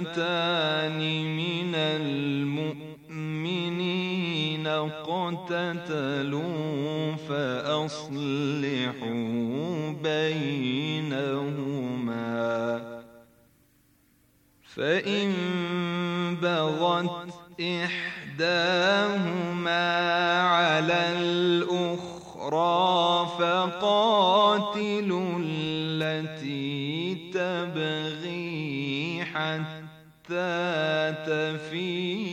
فتان من المؤمنين اقتتلوا فأصلحوا بينهما فإن بغت إحداهما على الأخرى فقاتلوا التي الفتات فيه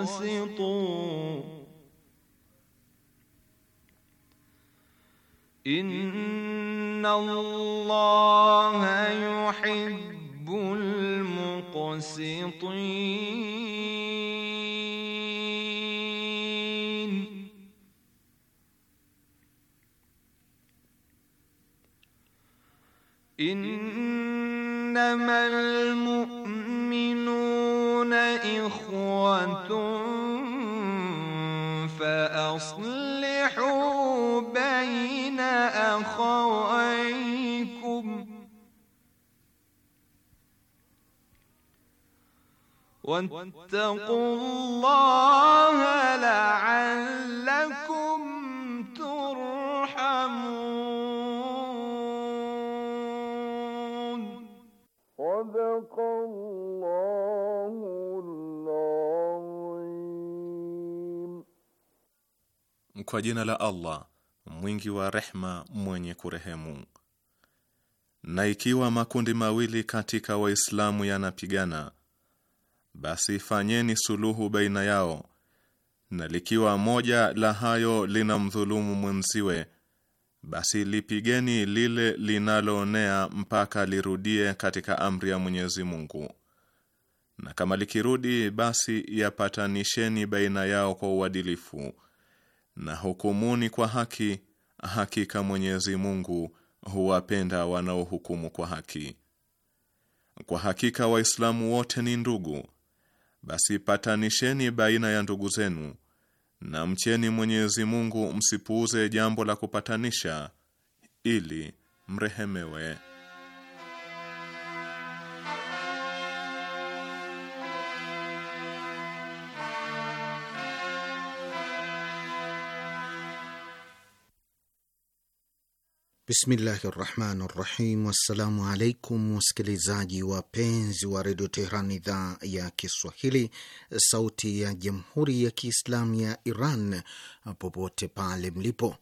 واسطوا إن الله يحب المقسطين Kwa jina la Allah mwingi wa rehma mwenye kurehemu. Na ikiwa makundi mawili katika Waislamu yanapigana basi fanyeni suluhu baina yao, na likiwa moja la hayo lina mdhulumu mwenziwe, basi lipigeni lile linaloonea mpaka lirudie katika amri ya Mwenyezi Mungu, na kama likirudi, basi yapatanisheni baina yao kwa uadilifu na hukumuni kwa haki. Hakika Mwenyezi Mungu huwapenda wanaohukumu kwa haki. Kwa hakika Waislamu wote ni ndugu basi patanisheni baina ya ndugu zenu na mcheni Mwenyezi Mungu, msipuuze jambo la kupatanisha ili mrehemewe. Bismillahi rahmani rahim. Wassalamu alaikum wasikilizaji wapenzi wa, wa redio Tehran, idhaa ya Kiswahili, sauti ya jamhuri ya kiislamu ya Iran, popote pale mlipo.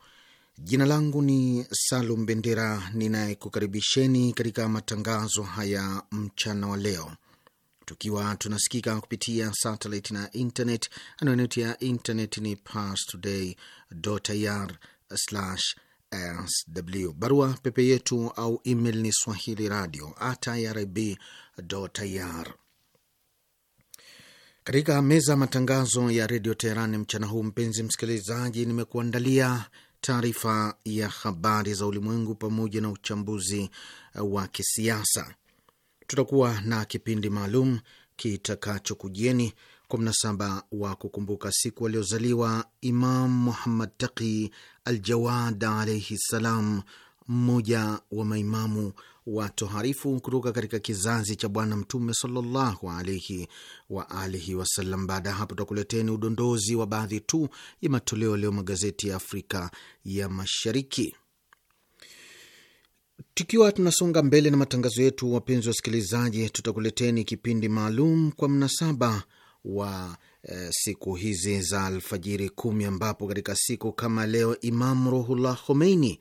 Jina langu ni Salum Bendera ninayekukaribisheni katika matangazo haya mchana wa leo, tukiwa tunasikika kupitia satellite na internet. Anwani ya internet ni parstoday.ir sw. Barua pepe yetu au email ni swahili radio at irib ir. Katika meza ya matangazo ya redio Teherani mchana huu, mpenzi msikilizaji, nimekuandalia taarifa ya habari za ulimwengu pamoja na uchambuzi wa kisiasa. Tutakuwa na kipindi maalum kitakachokujieni 17 wa kukumbuka siku aliozaliwa Imam Muhammad Taqi Aljawad alaihi ssalam, mmoja wa maimamu watoharifu kutoka katika kizazi cha Bwana Mtume sallallahu alaihi wa alihi wasallam. Baada ya hapo, tutakuleteni udondozi wa baadhi tu ya matoleo leo magazeti ya Afrika ya Mashariki. Tukiwa tunasonga mbele na matangazo yetu, wapenzi wa wasikilizaji, tutakuleteni kipindi maalum kwa mnasaba wa e, siku hizi za alfajiri kumi ambapo katika siku kama leo Imam Ruhullah Khomeini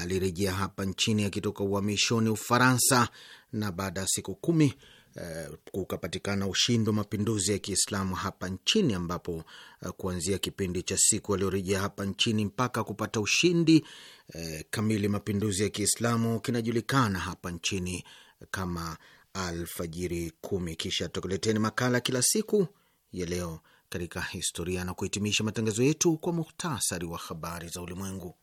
alirejea hapa nchini akitoka uhamishoni Ufaransa, na baada ya siku kumi e, kukapatikana ushindi wa mapinduzi ya Kiislamu hapa nchini, ambapo e, kuanzia kipindi cha siku aliorejea hapa nchini mpaka kupata ushindi e, kamili mapinduzi ya Kiislamu kinajulikana hapa nchini kama Alfajiri Kumi. Kisha tukuleteni makala kila siku ya leo katika historia na kuhitimisha matangazo yetu kwa muhtasari wa habari za ulimwengu.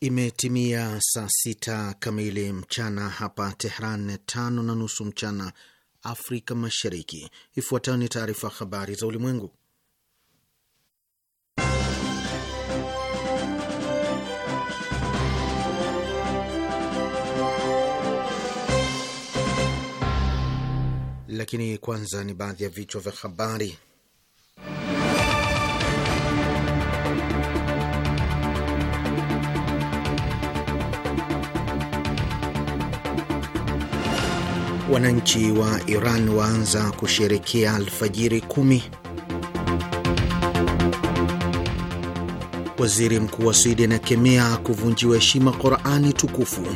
Imetimia saa sita kamili mchana hapa Tehran, tano na nusu mchana Afrika Mashariki. Ifuatayo ni taarifa habari za ulimwengu, lakini kwanza ni baadhi ya vichwa vya habari. Wananchi wa Iran waanza kusherekea alfajiri kumi. Waziri mkuu wa Sweden akemea kuvunjiwa heshima Qurani tukufu.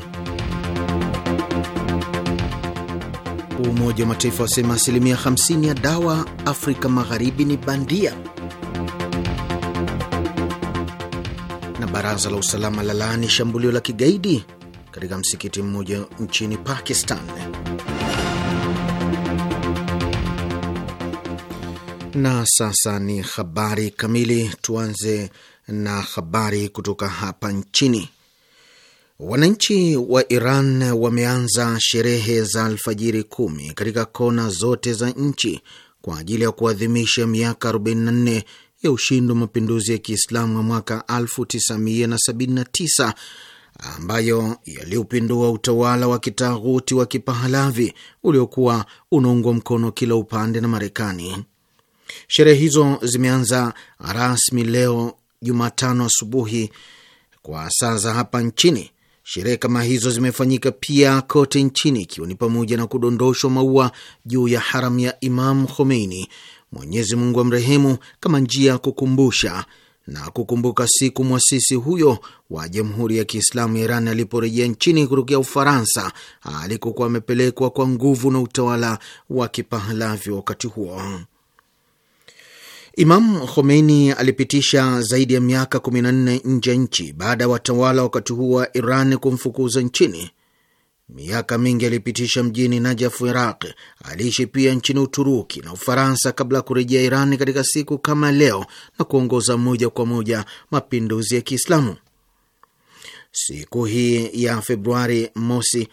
Umoja wa Mataifa wasema asilimia 50 ya dawa Afrika Magharibi ni bandia, na baraza la usalama la laani shambulio la kigaidi katika msikiti mmoja nchini Pakistan. Na sasa ni habari kamili. Tuanze na habari kutoka hapa nchini. Wananchi wa Iran wameanza sherehe za alfajiri kumi katika kona zote za nchi kwa ajili ya kuadhimisha miaka 44 ya ushindi wa mapinduzi ya Kiislamu ya mwaka 1979 ambayo yaliupindua utawala wa kitaghuti wa Kipahalavi uliokuwa unaungwa mkono kila upande na Marekani. Sherehe hizo zimeanza rasmi leo Jumatano asubuhi kwa saa za hapa nchini. Sherehe kama hizo zimefanyika pia kote nchini, ikiwa ni pamoja na kudondoshwa maua juu ya haram ya Imam Khomeini, Mwenyezi Mungu amrehemu, kama njia ya kukumbusha na kukumbuka siku mwasisi huyo wa Jamhuri ya Kiislamu ya Iran aliporejea nchini kutokea Ufaransa alikokuwa amepelekwa kwa nguvu na utawala wa kipahalavyo wakati huo. Imam Khomeini alipitisha zaidi ya miaka 14 nje ya nchi baada ya watawala wakati huo wa Iran kumfukuza nchini. Miaka mingi alipitisha mjini Najafu, Iraq. Aliishi pia nchini Uturuki na Ufaransa kabla ya kurejea iran katika siku kama leo na kuongoza moja kwa moja mapinduzi ya Kiislamu. Siku hii ya Februari mosi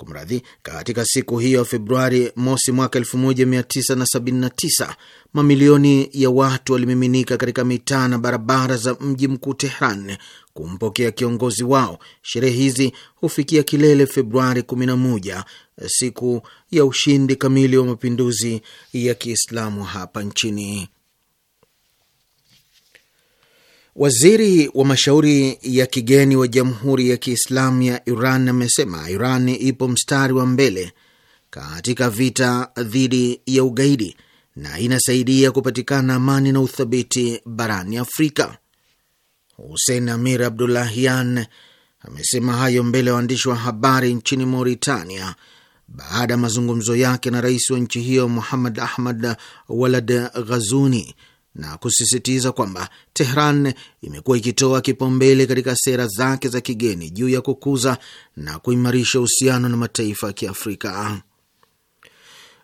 Kumradhi, katika siku hiyo Februari mosi mwaka 1979 mamilioni ya watu walimiminika katika mitaa na barabara za mji mkuu Tehran kumpokea kiongozi wao. Sherehe hizi hufikia kilele Februari 11, siku ya ushindi kamili wa mapinduzi ya Kiislamu hapa nchini. Waziri wa mashauri ya kigeni wa Jamhuri ya Kiislamu ya Iran amesema Iran ipo mstari wa mbele katika vita dhidi ya ugaidi na inasaidia kupatikana amani na uthabiti barani Afrika. Hussein Amir Abdullahian amesema hayo mbele ya waandishi wa habari nchini Mauritania baada ya mazungumzo yake na rais wa nchi hiyo Muhammad Ahmad Walad Ghazuni na kusisitiza kwamba Tehran imekuwa ikitoa kipaumbele katika sera zake za kigeni juu ya kukuza na kuimarisha uhusiano na mataifa ya Kiafrika.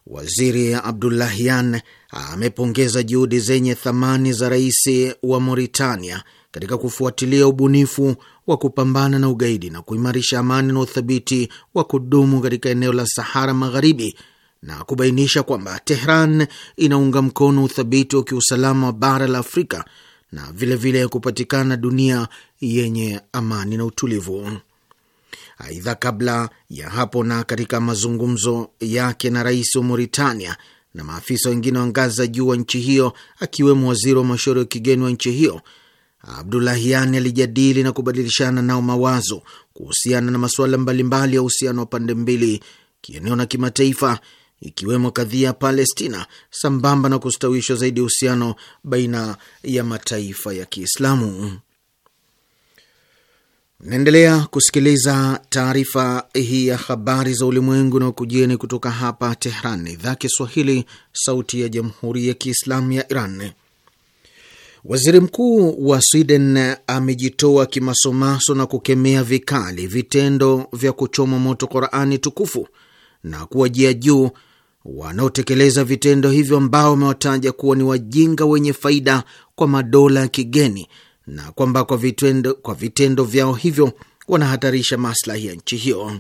Waziri Abdullahyan amepongeza juhudi zenye thamani za rais wa Mauritania katika kufuatilia ubunifu wa kupambana na ugaidi na kuimarisha amani na uthabiti wa kudumu katika eneo la Sahara Magharibi na kubainisha kwamba Tehran inaunga mkono uthabiti wa kiusalama wa bara la Afrika na vilevile vile kupatikana dunia yenye amani na utulivu. Aidha, kabla ya hapo na katika mazungumzo yake na rais wa Mauritania na maafisa wengine wa ngazi za juu wa nchi hiyo akiwemo waziri wa mashauri ya kigeni wa nchi hiyo Abdulahiani alijadili na kubadilishana nao mawazo kuhusiana na masuala mbalimbali ya uhusiano wa pande mbili, kieneo na kimataifa, ikiwemo kadhia ya Palestina, sambamba na kustawishwa zaidi uhusiano baina ya mataifa ya Kiislamu. Naendelea kusikiliza taarifa hii ya habari za ulimwengu na ukujieni kutoka hapa Tehran, idhaa Kiswahili, sauti ya jamhuri ya Kiislamu ya Iran. Waziri mkuu wa Sweden amejitoa kimasomaso na kukemea vikali vitendo vya kuchoma moto Qurani tukufu na kuwajia juu wanaotekeleza vitendo hivyo ambao wamewataja kuwa ni wajinga wenye faida kwa madola ya kigeni na kwamba kwa vitendo, kwa vitendo vyao hivyo wanahatarisha maslahi ya nchi hiyo.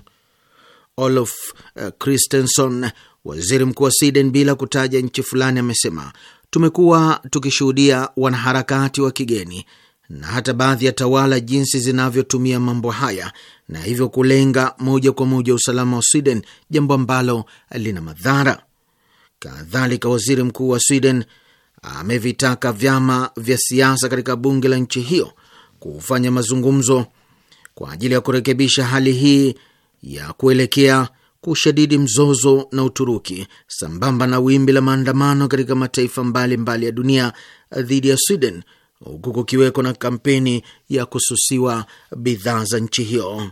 Olof eh, Kristersson, waziri mkuu wa Sweden, bila kutaja nchi fulani, amesema tumekuwa tukishuhudia wanaharakati wa kigeni na hata baadhi ya tawala jinsi zinavyotumia mambo haya na hivyo kulenga moja kwa moja usalama wa Sweden, jambo ambalo lina madhara. Kadhalika, waziri mkuu wa Sweden amevitaka vyama vya siasa katika bunge la nchi hiyo kufanya mazungumzo kwa ajili ya kurekebisha hali hii ya kuelekea kushadidi mzozo na Uturuki sambamba na wimbi la maandamano katika mataifa mbalimbali mbali ya dunia dhidi ya Sweden huku kukiweko na kampeni ya kususiwa bidhaa za nchi hiyo.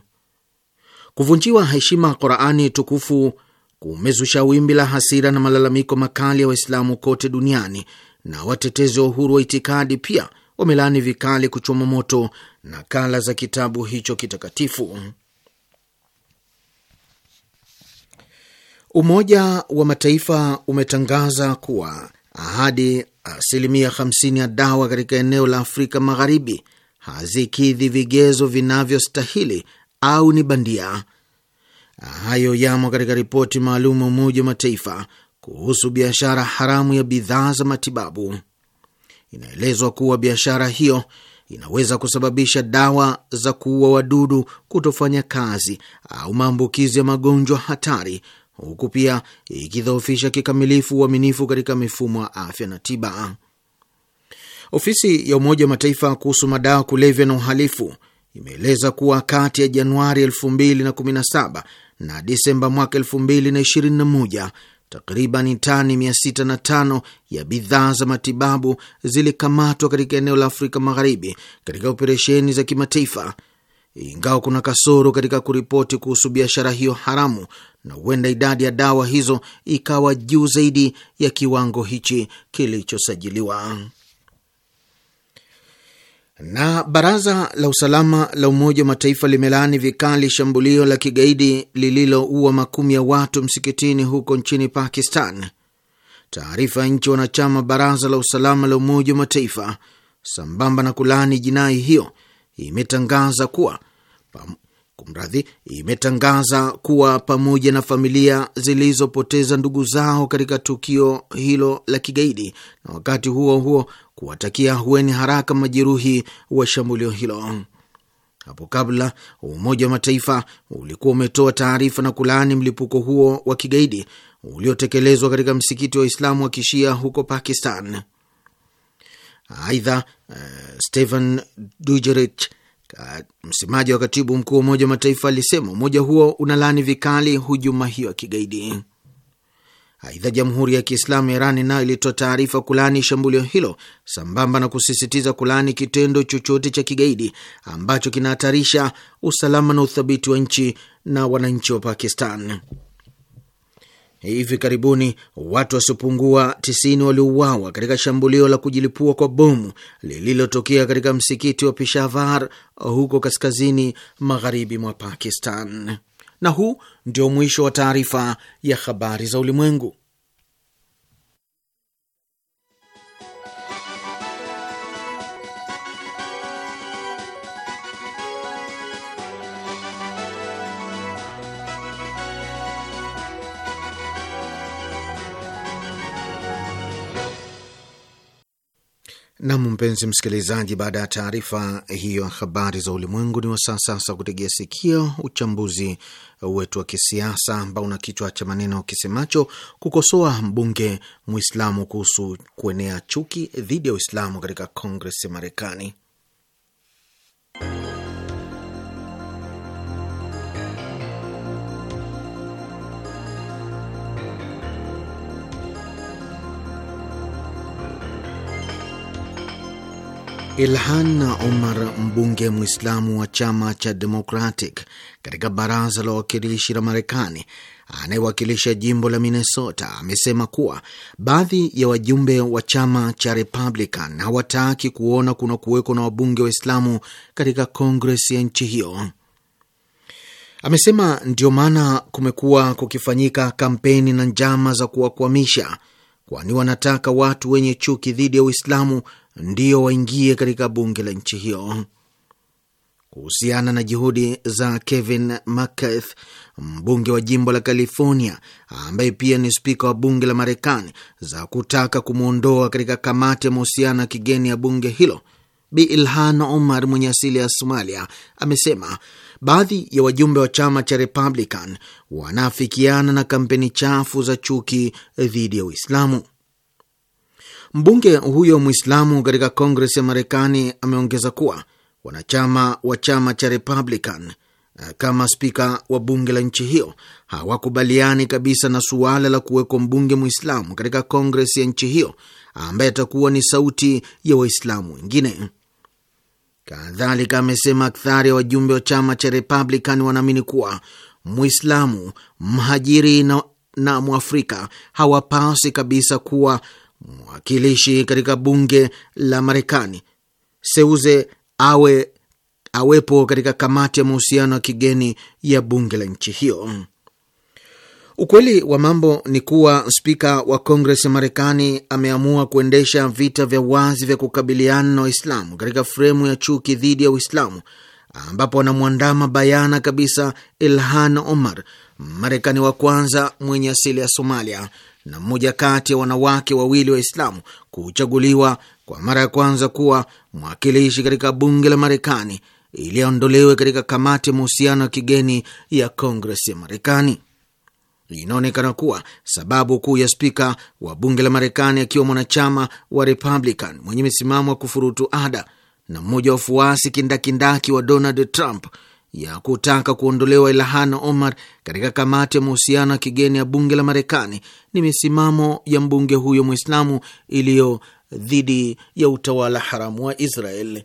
Kuvunjiwa heshima Qurani tukufu kumezusha wimbi la hasira na malalamiko makali ya Waislamu kote duniani, na watetezi wa uhuru wa itikadi pia wamelaani vikali kuchoma moto nakala za kitabu hicho kitakatifu. Umoja wa Mataifa umetangaza kuwa hadi asilimia 50 ya dawa katika eneo la Afrika Magharibi hazikidhi vigezo vinavyostahili au ni bandia. Hayo yamo katika ripoti maalum ya Umoja wa Mataifa kuhusu biashara haramu ya bidhaa za matibabu. Inaelezwa kuwa biashara hiyo inaweza kusababisha dawa za kuua wadudu kutofanya kazi au maambukizi ya magonjwa hatari huku pia ikidhoofisha kikamilifu uaminifu katika mifumo ya afya na tiba. Ofisi ya Umoja wa Mataifa kuhusu madawa kulevya na uhalifu imeeleza kuwa kati ya Januari 2017 na Disemba mwaka 2021 takriban tani 605 ya bidhaa za matibabu zilikamatwa katika eneo la Afrika Magharibi katika operesheni za kimataifa ingawa kuna kasoro katika kuripoti kuhusu biashara hiyo haramu, na huenda idadi ya dawa hizo ikawa juu zaidi ya kiwango hichi kilichosajiliwa. Na baraza la usalama la Umoja wa Mataifa limelaani vikali shambulio la kigaidi lililoua makumi ya watu msikitini huko nchini Pakistan. Taarifa ya nchi wanachama baraza la usalama la Umoja wa Mataifa sambamba na kulaani jinai hiyo imetangaza kuwa pam, kumradhi, imetangaza kuwa pamoja na familia zilizopoteza ndugu zao katika tukio hilo la kigaidi, na wakati huo huo kuwatakia hueni haraka majeruhi wa shambulio hilo. Hapo kabla Umoja wa Mataifa ulikuwa umetoa taarifa na kulaani mlipuko huo wa kigaidi uliotekelezwa katika msikiti wa Waislamu wa kishia huko Pakistan. Aidha, uh, Stephen Dujerich, msemaji wa katibu mkuu wa Umoja wa Mataifa, alisema umoja huo unalaani vikali hujuma hiyo ya kigaidi. Aidha, Jamhuri ya Kiislamu ya Irani nayo ilitoa taarifa kulaani shambulio hilo sambamba na kusisitiza kulaani kitendo chochote cha kigaidi ambacho kinahatarisha usalama na uthabiti wa nchi na wananchi wa Pakistan hivi karibuni watu wasiopungua 90 waliuawa katika shambulio la kujilipua kwa bomu lililotokea katika msikiti wa Peshawar huko kaskazini magharibi mwa Pakistan. Na huu ndio mwisho wa taarifa ya habari za ulimwengu. Nam, mpenzi msikilizaji, baada ya taarifa hiyo habari za ulimwengu, ni wasaa sasa kutegea sikio uchambuzi wetu wa kisiasa ambao una kichwa cha maneno kisemacho kukosoa mbunge Mwislamu kuhusu kuenea chuki dhidi ya Uislamu katika Kongres ya Marekani. Ilhan Omar, mbunge mwislamu wa chama cha Democratic katika baraza la wawakilishi la Marekani anayewakilisha jimbo la Minnesota, amesema kuwa baadhi ya wajumbe wa chama cha Republican hawataki kuona kuna kuweko na wabunge Waislamu katika Kongres ya nchi hiyo. Amesema ndio maana kumekuwa kukifanyika kampeni na njama za kuwakwamisha, kwani wanataka watu wenye chuki dhidi ya Uislamu ndio waingie katika bunge la nchi hiyo. Kuhusiana na juhudi za Kevin McCarthy, mbunge wa jimbo la California ambaye pia ni spika wa bunge la Marekani, za kutaka kumwondoa katika kamati ya mahusiano ya kigeni ya bunge hilo, Bi Ilhan Omar mwenye asili ya Somalia amesema baadhi ya wajumbe wa chama cha Republican wanaafikiana na kampeni chafu za chuki dhidi ya Uislamu. Mbunge huyo Mwislamu katika Kongres ya Marekani ameongeza kuwa wanachama wa chama cha Republican eh, kama spika wa bunge la nchi hiyo hawakubaliani kabisa na suala la kuwekwa mbunge Mwislamu katika Kongres ya nchi hiyo ambaye atakuwa ni sauti ya Waislamu wengine. Kadhalika amesema akthari ya wajumbe wa chama cha Republican wanaamini kuwa Mwislamu, mhajiri na, na Mwafrika hawapasi kabisa kuwa mwakilishi katika bunge la Marekani, seuze awe awepo katika kamati ya mahusiano ya kigeni ya bunge la nchi hiyo. Ukweli wa mambo ni kuwa spika wa Kongres ya Marekani ameamua kuendesha vita vya wazi vya kukabiliana na Waislamu katika fremu ya chuki dhidi ya Uislamu, ambapo anamwandama bayana kabisa Ilhan Omar, Marekani wa kwanza mwenye asili ya Somalia na mmoja kati ya wanawake wawili Waislamu kuchaguliwa kwa mara ya kwanza kuwa mwakilishi katika bunge la Marekani ili aondolewe katika kamati ya mahusiano ya kigeni ya Kongres ya Marekani. Inaonekana kuwa sababu kuu ya spika wa bunge la Marekani akiwa mwanachama wa Republican mwenye misimamo ya kufurutu ada na mmoja wa wafuasi kindakindaki wa Donald Trump ya kutaka kuondolewa Ilhan Omar katika kamati ya mahusiano ya kigeni ya bunge la Marekani ni misimamo ya mbunge huyo Mwislamu iliyo dhidi ya utawala haramu wa Israeli.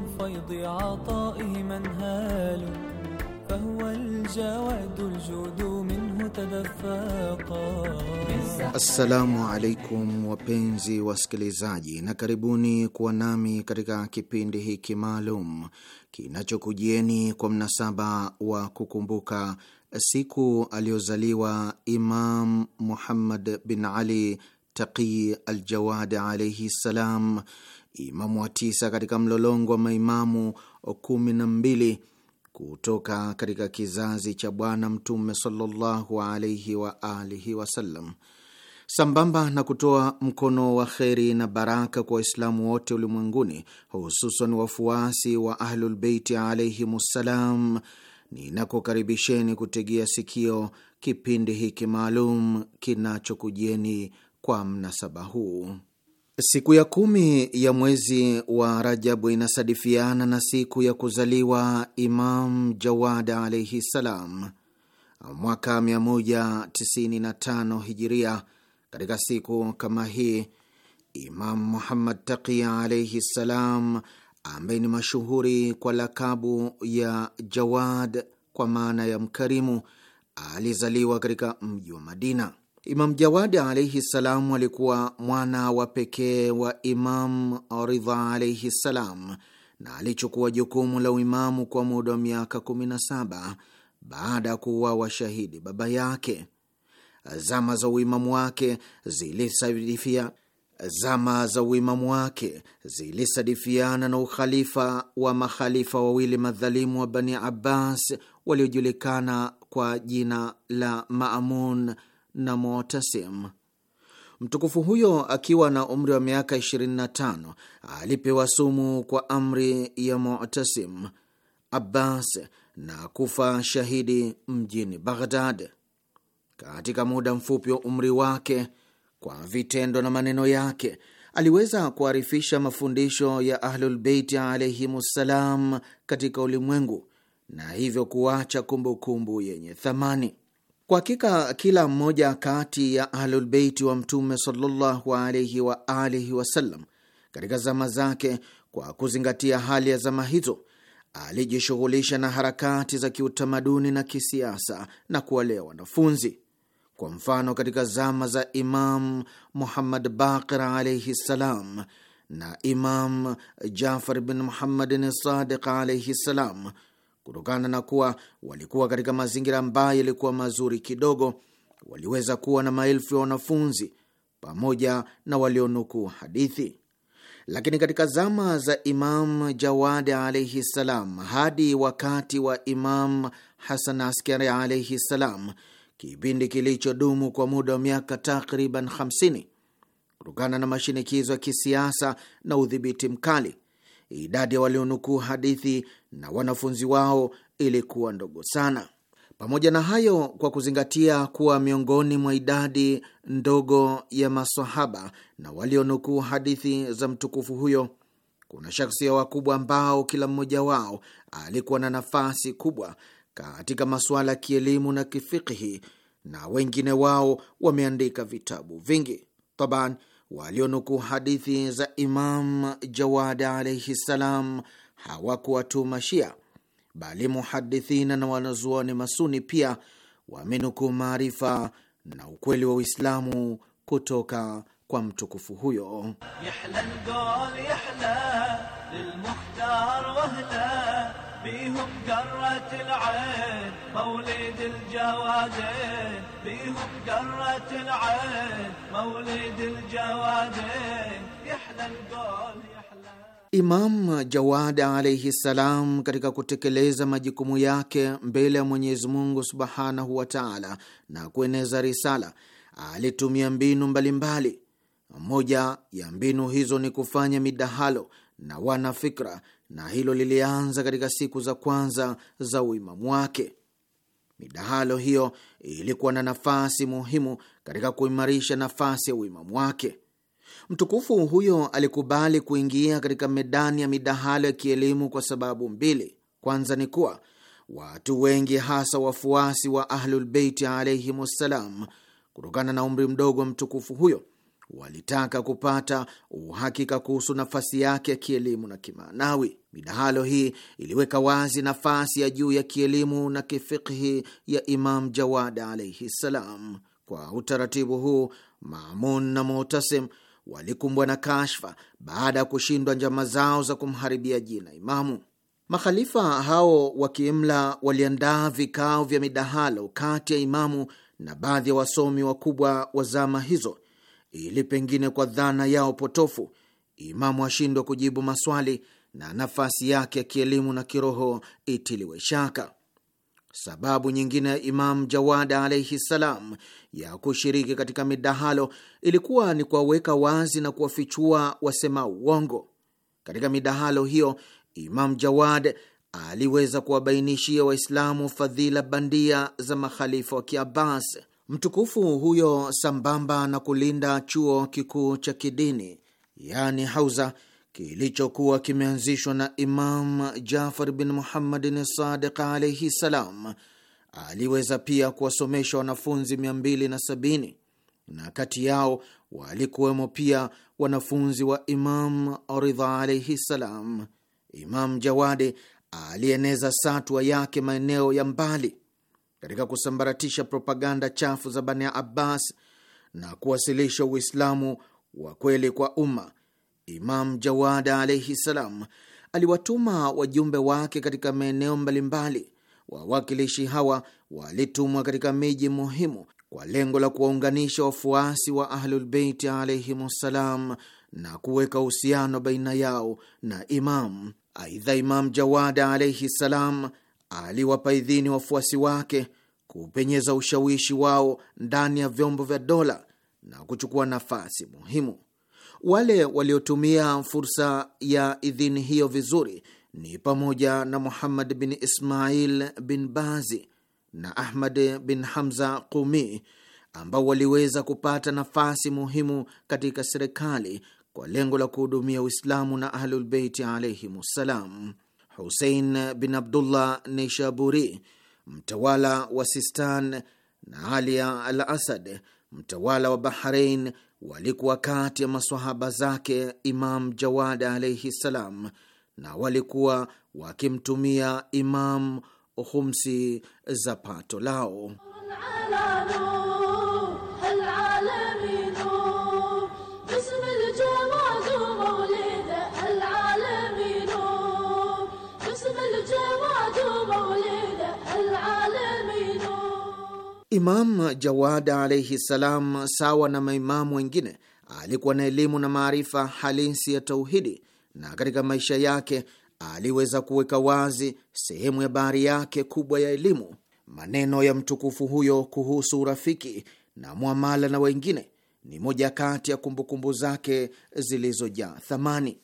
فيض عطائه منهال فهو الجواد الجود منه تدفقا Assalamu alaikum wapenzi wasikilizaji, na karibuni kuwa nami katika kipindi hiki maalum kinachokujieni kwa mnasaba wa kukumbuka siku aliyozaliwa Imam Muhammad bin Ali Taqi aljawadi alaihi ssalam imamu wa tisa katika mlolongo wa maimamu kumi na mbili kutoka katika kizazi cha Bwana Mtume sallallahu alaihi wa alihi wasallam, sambamba na kutoa mkono wa kheri na baraka kwa Waislamu wote ulimwenguni, hususan wafuasi wa Ahlulbeiti ssalam, Ninakukaribisheni kutegea sikio kipindi hiki maalum kinachokujieni kwa mnasaba huu. Siku ya kumi ya mwezi wa Rajabu inasadifiana na siku ya kuzaliwa Imam Jawad alaihi ssalam, mwaka 195 hijiria. Katika siku kama hii Imam Muhammad Taqi alaihi ssalam, ambaye ni mashuhuri kwa lakabu ya Jawad kwa maana ya mkarimu, alizaliwa katika mji wa Madina. Imam Jawadi alaihi ssalam alikuwa mwana wa pekee wa Imam Ridha alaihi ssalam na alichukua jukumu la uimamu kwa muda wa miaka 17 baada ya kuwa washahidi baba yake. Zama za uimamu wake zilisadifia zama za uimamu wake zilisadifiana na ukhalifa wa makhalifa wawili madhalimu wa Bani Abbas waliojulikana kwa jina la Maamun na Motasim. Mtukufu huyo akiwa na umri wa miaka 25 alipewa sumu kwa amri ya Motasim Abbas na kufa shahidi mjini Baghdad. Katika muda mfupi wa umri wake, kwa vitendo na maneno yake aliweza kuharifisha mafundisho ya Ahlulbeiti alaihimussalam katika ulimwengu na hivyo kuacha kumbukumbu kumbu yenye thamani. Kwa hakika kila mmoja kati ya Ahlulbeiti wa Mtume sallallahu alaihi wa alihi wasallam katika zama zake, kwa kuzingatia hali ya zama hizo, alijishughulisha na harakati za kiutamaduni na kisiasa na kuwalea wanafunzi. Kwa mfano, katika zama za Imam Muhammad Baqir alaihi ssalam na Imam Jafar bin Muhammadin Sadiq alaihi ssalam Kutokana na kuwa walikuwa katika mazingira ambayo yalikuwa mazuri kidogo, waliweza kuwa na maelfu ya wanafunzi pamoja na walionukuu hadithi. Lakini katika zama za Imam Jawadi alaihi ssalam hadi wakati wa Imam Hasan Askari alaihi ssalam, kipindi kilichodumu kwa muda wa miaka takriban 50, kutokana na mashinikizo ya kisiasa na udhibiti mkali idadi ya walionukuu hadithi na wanafunzi wao ilikuwa ndogo sana. Pamoja na hayo, kwa kuzingatia kuwa miongoni mwa idadi ndogo ya masahaba na walionukuu hadithi za mtukufu huyo kuna shaksia wakubwa ambao kila mmoja wao alikuwa na nafasi kubwa katika masuala ya kielimu na kifikihi, na wengine wao wameandika vitabu vingi taban walionukuu hadithi za Imam Jawad alaihi ssalam hawakuwatuma Shia, bali muhadithina na wanazuoni Masuni pia wamenukuu maarifa na ukweli wa Uislamu kutoka kwa mtukufu huyo. Yahla بيهم قرة العين مولد الجوادين بيهم قرة العين مولد الجوادين يحلى القول Imam Jawad alaihi salam katika kutekeleza majukumu yake mbele ya Mwenyezi Mungu subhanahu wa taala na kueneza risala alitumia mbinu mbalimbali. Moja ya mbinu hizo ni kufanya midahalo na wanafikra na hilo lilianza katika siku za kwanza za uimamu wake. Midahalo hiyo ilikuwa na nafasi muhimu katika kuimarisha nafasi ya uimamu wake. Mtukufu huyo alikubali kuingia katika medani ya midahalo ya kielimu kwa sababu mbili. Kwanza ni kuwa watu wengi, hasa wafuasi wa Ahlulbeiti alaihim wassalam, kutokana na umri mdogo wa mtukufu huyo walitaka kupata uhakika kuhusu nafasi yake ya kielimu na kimaanawi. Midahalo hii iliweka wazi nafasi ya juu ya kielimu na kifikhi ya Imam Jawad alaihi ssalam. Kwa utaratibu huu, Mamun na Mutasim walikumbwa na kashfa baada ya kushindwa njama zao za kumharibia jina Imamu. Makhalifa hao wa kiimla waliandaa vikao vya midahalo kati ya Imamu na baadhi ya wasomi wakubwa wa zama hizo ili pengine kwa dhana yao potofu imamu ashindwa kujibu maswali na nafasi yake ya kielimu na kiroho itiliwe shaka. Sababu nyingine ya Imamu Jawada alaihi ssalam ya kushiriki katika midahalo ilikuwa ni kuwaweka wazi na kuwafichua wasema uongo. Katika midahalo hiyo, Imamu Jawad aliweza kuwabainishia Waislamu fadhila bandia za makhalifa wa Kiabasi mtukufu huyo, sambamba na kulinda chuo kikuu cha kidini yaani hauza kilichokuwa kimeanzishwa na Imam Jafar bin Muhammadin Sadiq alaihi salam, aliweza pia kuwasomesha wanafunzi 270 na kati yao walikuwemo pia wanafunzi wa Imam Ridha alaihi salam. Imam Jawadi alieneza satwa yake maeneo ya mbali katika kusambaratisha propaganda chafu za Bani Abbas na kuwasilisha Uislamu wa kweli kwa umma, Imam Jawada alaihi salam aliwatuma wajumbe wake katika maeneo mbalimbali. Wawakilishi hawa walitumwa katika miji muhimu kwa lengo la kuwaunganisha wafuasi wa Ahlulbeiti alaihim ssalam na kuweka uhusiano baina yao na Imam. Aidha, Imam Jawada alaihi salam aliwapa idhini wafuasi wake kupenyeza ushawishi wao ndani ya vyombo vya dola na kuchukua nafasi muhimu. Wale waliotumia fursa ya idhini hiyo vizuri ni pamoja na Muhammad bin Ismail bin Bazi na Ahmad bin Hamza Qumi ambao waliweza kupata nafasi muhimu katika serikali kwa lengo la kuhudumia Uislamu na Ahlulbeiti alaihimussalam. Husein bin Abdullah Neishaburi, mtawala wa Sistan, na Ali al Asad, mtawala wa Bahrain, walikuwa kati ya maswahaba zake Imam Jawad alaihi ssalam, na walikuwa wakimtumia Imam humsi za pato lao Imam jawad alaihi ssalam, sawa na maimamu wengine, alikuwa na elimu na maarifa halisi ya tauhidi, na katika maisha yake aliweza kuweka wazi sehemu ya bahari yake kubwa ya elimu. Maneno ya mtukufu huyo kuhusu urafiki na mwamala na wengine ni moja kati ya kumbukumbu zake zilizojaa thamani.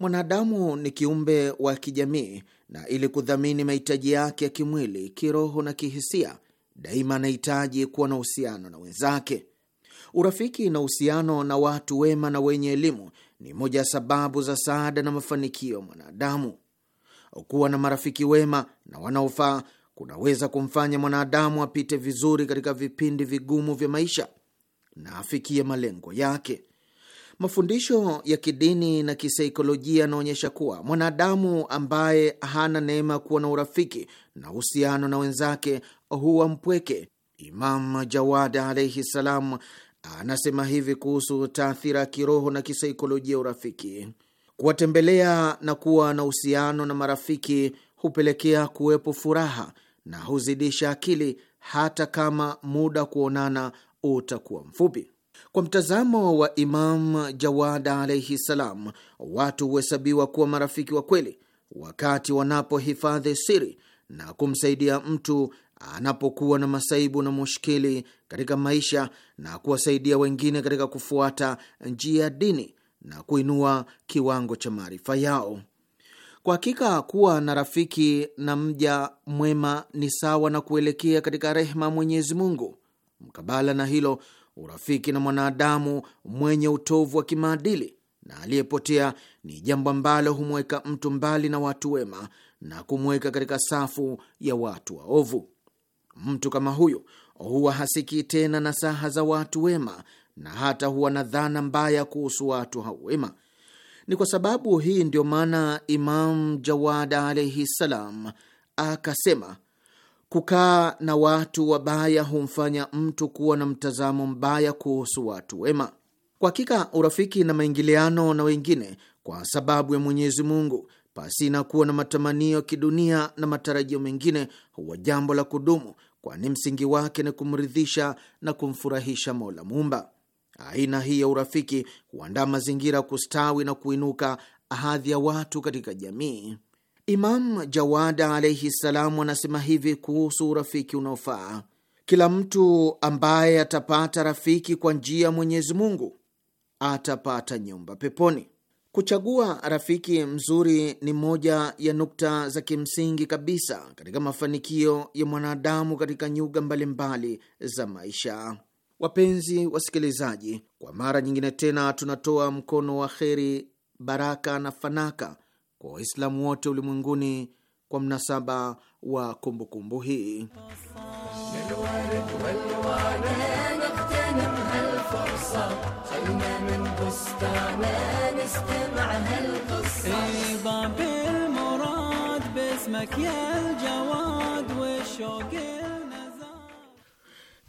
Mwanadamu ni kiumbe wa kijamii, na ili kudhamini mahitaji yake ya kimwili, kiroho na kihisia daima anahitaji kuwa na uhusiano na wenzake. Urafiki na uhusiano na watu wema na wenye elimu ni moja ya sababu za saada na mafanikio ya mwanadamu. Kuwa na marafiki wema na wanaofaa kunaweza kumfanya mwanadamu apite vizuri katika vipindi vigumu vya maisha na afikie malengo yake. Mafundisho ya kidini na kisaikolojia yanaonyesha kuwa mwanadamu ambaye hana neema kuwa na urafiki na uhusiano na wenzake huwa mpweke. Imam Jawad alaihi salam anasema hivi kuhusu taathira ya kiroho na kisaikolojia urafiki: kuwatembelea na kuwa na uhusiano na marafiki hupelekea kuwepo furaha na huzidisha akili hata kama muda kuonana utakuwa mfupi. Kwa mtazamo wa Imam Jawad alaihi ssalam, watu huhesabiwa kuwa marafiki wa kweli wakati wanapohifadhi siri na kumsaidia mtu anapokuwa na masaibu na mushkili katika maisha na kuwasaidia wengine katika kufuata njia ya dini na kuinua kiwango cha maarifa yao. Kwa hakika kuwa na rafiki na mja mwema ni sawa na kuelekea katika rehma Mwenyezi Mungu. Mkabala na hilo, urafiki na mwanadamu mwenye utovu wa kimaadili na aliyepotea ni jambo ambalo humweka mtu mbali na watu wema na kumweka katika safu ya watu waovu. Mtu kama huyo huwa hasikii tena nasaha za watu wema na hata huwa na dhana mbaya kuhusu watu hao wema. Ni kwa sababu hii ndio maana Imam Jawad alaihi ssalam akasema Kukaa na watu wabaya humfanya mtu kuwa na mtazamo mbaya kuhusu watu wema. Kwa hakika urafiki na maingiliano na wengine kwa sababu ya Mwenyezi Mungu na kuwa na matamanio ya kidunia na matarajio mengine huwa jambo la kudumu, kwani msingi wake ni kumridhisha na kumfurahisha Mola Muumba. Aina hii ya urafiki huandaa mazingira ya kustawi na kuinuka ahadhi ya watu katika jamii. Imam Jawada alaihi ssalamu anasema hivi kuhusu urafiki unaofaa: kila mtu ambaye atapata rafiki kwa njia ya Mwenyezi Mungu atapata nyumba peponi. Kuchagua rafiki mzuri ni moja ya nukta za kimsingi kabisa katika mafanikio ya mwanadamu katika nyuga mbalimbali za maisha. Wapenzi wasikilizaji, kwa mara nyingine tena tunatoa mkono wa kheri, baraka na fanaka kwa Waislamu wote ulimwenguni kwa mnasaba wa kumbukumbu hii.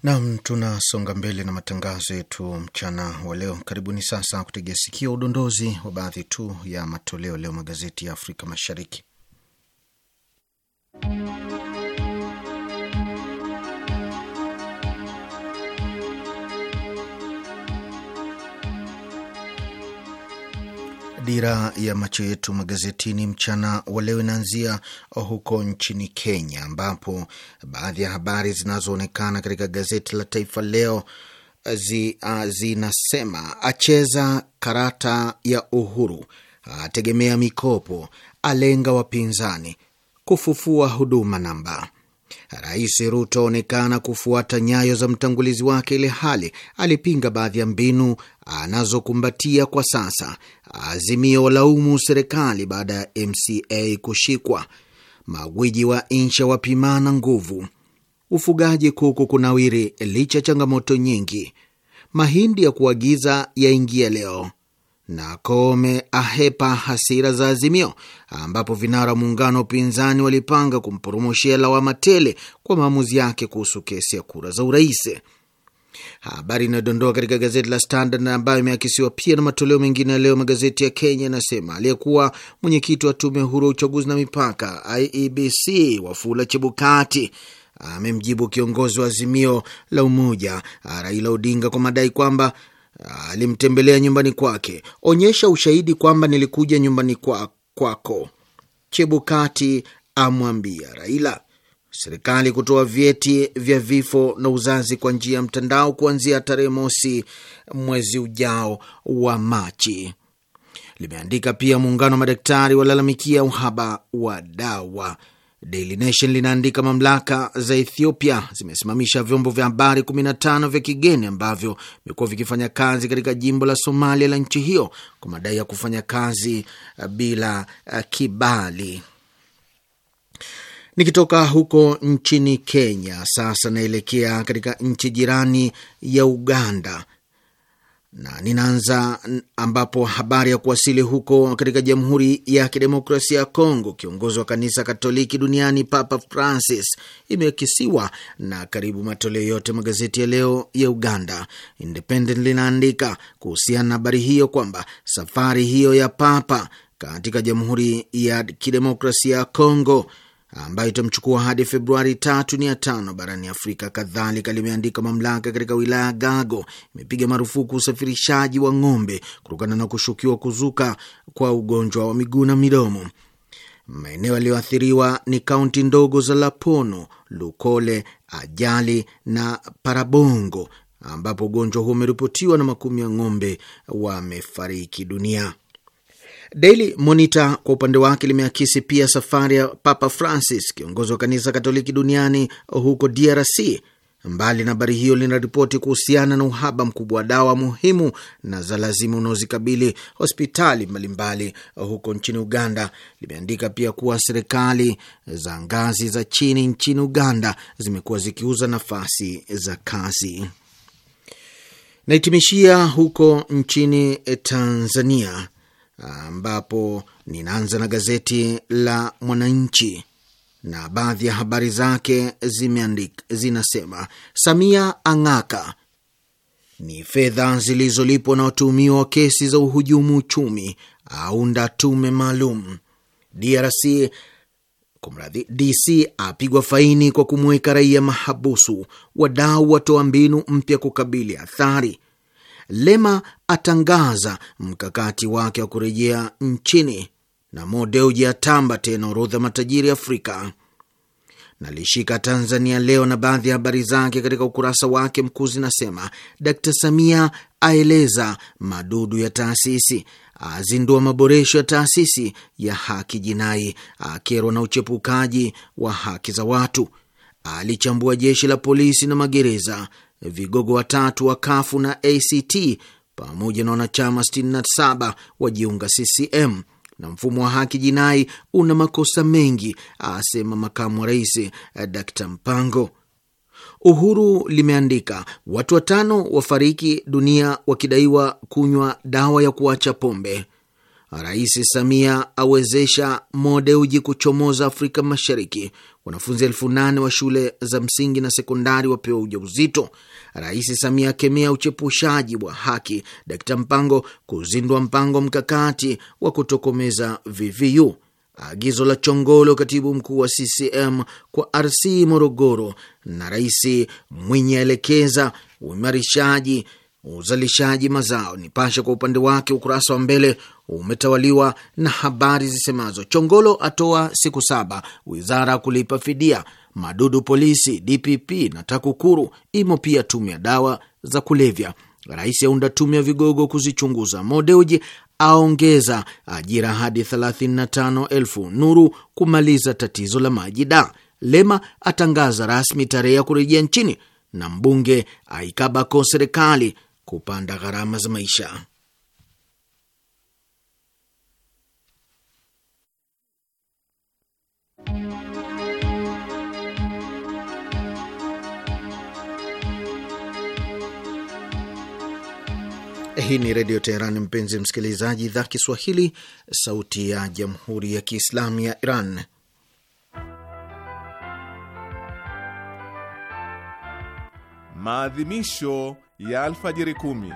Nam, tunasonga mbele na matangazo yetu mchana wa leo. Karibuni sasa kutegea sikio udondozi wa baadhi tu ya matoleo leo magazeti ya Afrika Mashariki Dira ya macho yetu magazetini mchana wa leo inaanzia huko nchini Kenya, ambapo baadhi ya habari zinazoonekana katika gazeti la Taifa Leo eh, zi, uh, zinasema acheza karata ya Uhuru, ategemea mikopo, alenga wapinzani, kufufua huduma namba Rais Ruto aonekana kufuata nyayo za mtangulizi wake, ile hali alipinga baadhi ya mbinu anazokumbatia kwa sasa. Azimio walaumu serikali baada ya MCA kushikwa. Magwiji wa insha wapimana nguvu. Ufugaji kuku kunawiri licha changamoto nyingi. Mahindi ya kuagiza yaingia leo na Kome ahepa hasira za Azimio, ambapo vinara wa muungano wa upinzani walipanga kumporomoshea lawama tele kwa maamuzi yake kuhusu kesi ya kura za urais. Habari inayodondoa katika gazeti la Standard na ambayo imeakisiwa pia na matoleo mengine ya leo magazeti ya Kenya inasema aliyekuwa mwenyekiti wa tume huru ya uchaguzi na mipaka IEBC Wafula Chebukati amemjibu kiongozi wa Azimio la Umoja Raila Odinga kwa madai kwamba alimtembelea nyumbani kwake. Onyesha ushahidi kwamba nilikuja nyumbani kwa, kwako. Chebukati amwambia Raila. Serikali kutoa vyeti vya vifo na uzazi kwa njia ya mtandao kuanzia tarehe mosi mwezi ujao wa Machi. Limeandika pia muungano wa madaktari walalamikia uhaba wa dawa. Daily Nation linaandika mamlaka za Ethiopia zimesimamisha vyombo vya habari 15 vya kigeni ambavyo vimekuwa vikifanya kazi katika jimbo la Somalia la nchi hiyo kwa madai ya kufanya kazi eh, bila eh, kibali. Nikitoka huko nchini Kenya, sasa naelekea katika nchi jirani ya Uganda na ninaanza ambapo habari ya kuwasili huko katika Jamhuri ya Kidemokrasia ya Kongo kiongozi wa kanisa Katoliki duniani Papa Francis imeakisiwa na karibu matoleo yote magazeti ya leo ya Uganda. Independent linaandika kuhusiana na habari hiyo kwamba safari hiyo ya Papa katika Jamhuri ya Kidemokrasia ya Kongo ambayo itamchukua hadi Februari tatu ni ya tano barani Afrika. Kadhalika limeandika mamlaka katika wilaya Gago imepiga marufuku usafirishaji wa ng'ombe kutokana na kushukiwa kuzuka kwa ugonjwa wa miguu na midomo. Maeneo yaliyoathiriwa ni kaunti ndogo za Lapono, Lukole, Ajali na Parabongo, ambapo ugonjwa huo umeripotiwa na makumi ya ng'ombe wamefariki dunia. Daily Monitor kwa upande wake limeakisi pia safari ya Papa Francis, kiongozi wa kanisa Katoliki duniani huko DRC. Mbali na habari hiyo, lina ripoti kuhusiana na uhaba mkubwa wa dawa muhimu na za lazima unaozikabili hospitali mbalimbali huko nchini Uganda. Limeandika pia kuwa serikali za ngazi za chini nchini Uganda zimekuwa zikiuza nafasi za kazi. Naitimishia huko nchini Tanzania ambapo ninaanza na gazeti la Mwananchi na baadhi ya habari zake zimeandika zinasema: Samia ang'aka ni fedha zilizolipwa na watuhumiwa wa kesi za uhujumu uchumi, aunda tume maalum. DRC kumradhi, DC apigwa faini kwa kumweka raia mahabusu. Wadau watoa mbinu mpya kukabili athari Lema atangaza mkakati wake wa kurejea nchini, na Mo Dewji atamba tena orodha matajiri Afrika. Nalishika Tanzania Leo na baadhi ya habari zake katika ukurasa wake mkuu zinasema: Dkt Samia aeleza madudu ya taasisi, azindua maboresho ya taasisi ya haki jinai, akerwa na uchepukaji wa haki za watu, alichambua jeshi la polisi na magereza, vigogo watatu wa Kafu na ACT pamoja na wanachama 67 wajiunga CCM na mfumo wa haki jinai una makosa mengi, asema makamu wa rais eh, Dkt Mpango. Uhuru limeandika watu watano wafariki dunia wakidaiwa kunywa dawa ya kuacha pombe. Rais Samia awezesha modeuji kuchomoza Afrika Mashariki. Wanafunzi elfu nane wa shule za msingi na sekondari wapewa ujauzito. Rais Samia akemea uchepushaji wa haki. Dkt Mpango kuzindua mpango mkakati wa kutokomeza VVU. Agizo la Chongolo, katibu mkuu wa CCM kwa RC Morogoro, na Rais Mwinyi aelekeza uimarishaji uzalishaji mazao. Nipashe kwa upande wake ukurasa wa mbele umetawaliwa na habari zisemazo Chongolo atoa siku saba wizara ya kulipa fidia, madudu polisi, DPP na TAKUKURU imo pia tume ya dawa za kulevya, rais aunda tume ya vigogo kuzichunguza, Modeuji aongeza ajira hadi 35,000, Nuru kumaliza tatizo la maji da Lema atangaza rasmi tarehe ya kurejea nchini na mbunge aikabako serikali kupanda gharama za maisha. Hii ni Redio Teheran, mpenzi msikilizaji, idhaa Kiswahili, sauti ya Jamhuri ya Kiislamu ya Iran. Maadhimisho ya alfajiri kumi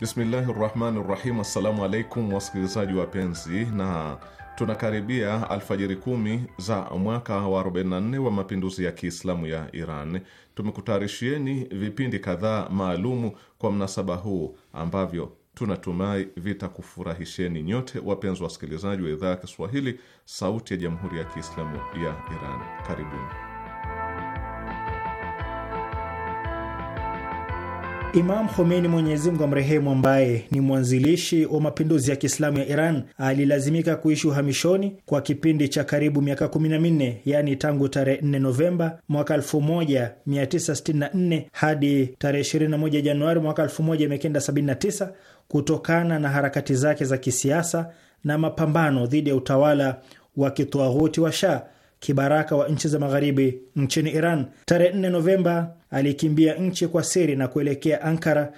Bismillahi rahmani rahim. Assalamu alaikum wasikilizaji wapenzi, na tunakaribia alfajiri kumi za mwaka wa 44 wa mapinduzi ya Kiislamu ya Iran. Tumekutayarishieni vipindi kadhaa maalumu kwa mnasaba huu ambavyo tunatumai vitakufurahisheni nyote, wapenzi wasikilizaji wa idhaa ya Kiswahili, Sauti ya Jamhuri ya Kiislamu ya Iran. Karibuni. Imam Khomeini, Mwenyezi Mungu amrehemu, ambaye ni mwanzilishi wa mapinduzi ya Kiislamu ya Iran alilazimika kuishi uhamishoni kwa kipindi cha karibu miaka 14, yaani tangu tarehe 4 Novemba mwaka 1964 hadi tarehe 21 Januari mwaka 1979 kutokana na harakati zake za kisiasa na mapambano dhidi ya utawala wa kitwaghuti wa Shah kibaraka wa nchi za magharibi nchini Iran. Tarehe 4 Novemba alikimbia nchi kwa siri na kuelekea Ankara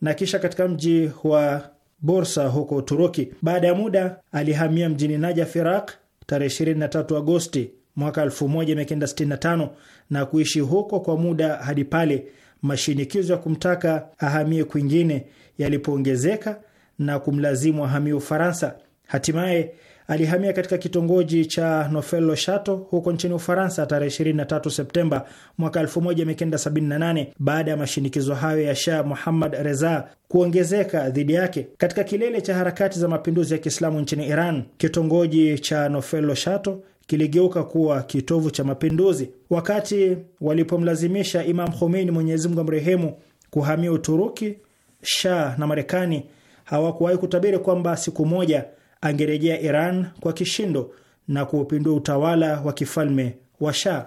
na kisha katika mji wa Bursa huko Uturuki. Baada ya muda alihamia mjini Najaf, Iraq tarehe 23 Agosti mwaka 1965 na kuishi huko kwa muda hadi pale mashinikizo ya kumtaka ahamie kwingine yalipoongezeka na kumlazimu ahamie Ufaransa. Hatimaye alihamia katika kitongoji cha Nofello Chateau huko nchini Ufaransa tarehe 23 Septemba mwaka 1978 baada ya mashinikizo hayo ya Shah Muhammad Reza kuongezeka dhidi yake. Katika kilele cha harakati za mapinduzi ya Kiislamu nchini Iran, kitongoji cha Nofello Chateau kiligeuka kuwa kitovu cha mapinduzi wakati walipomlazimisha Imam Khomeini, Mwenyezi Mungu amrehemu, kuhamia Uturuki. Shah na Marekani hawakuwahi kutabiri kwamba siku moja angerejea Iran kwa kishindo na kuupindua utawala wa kifalme wa Shah.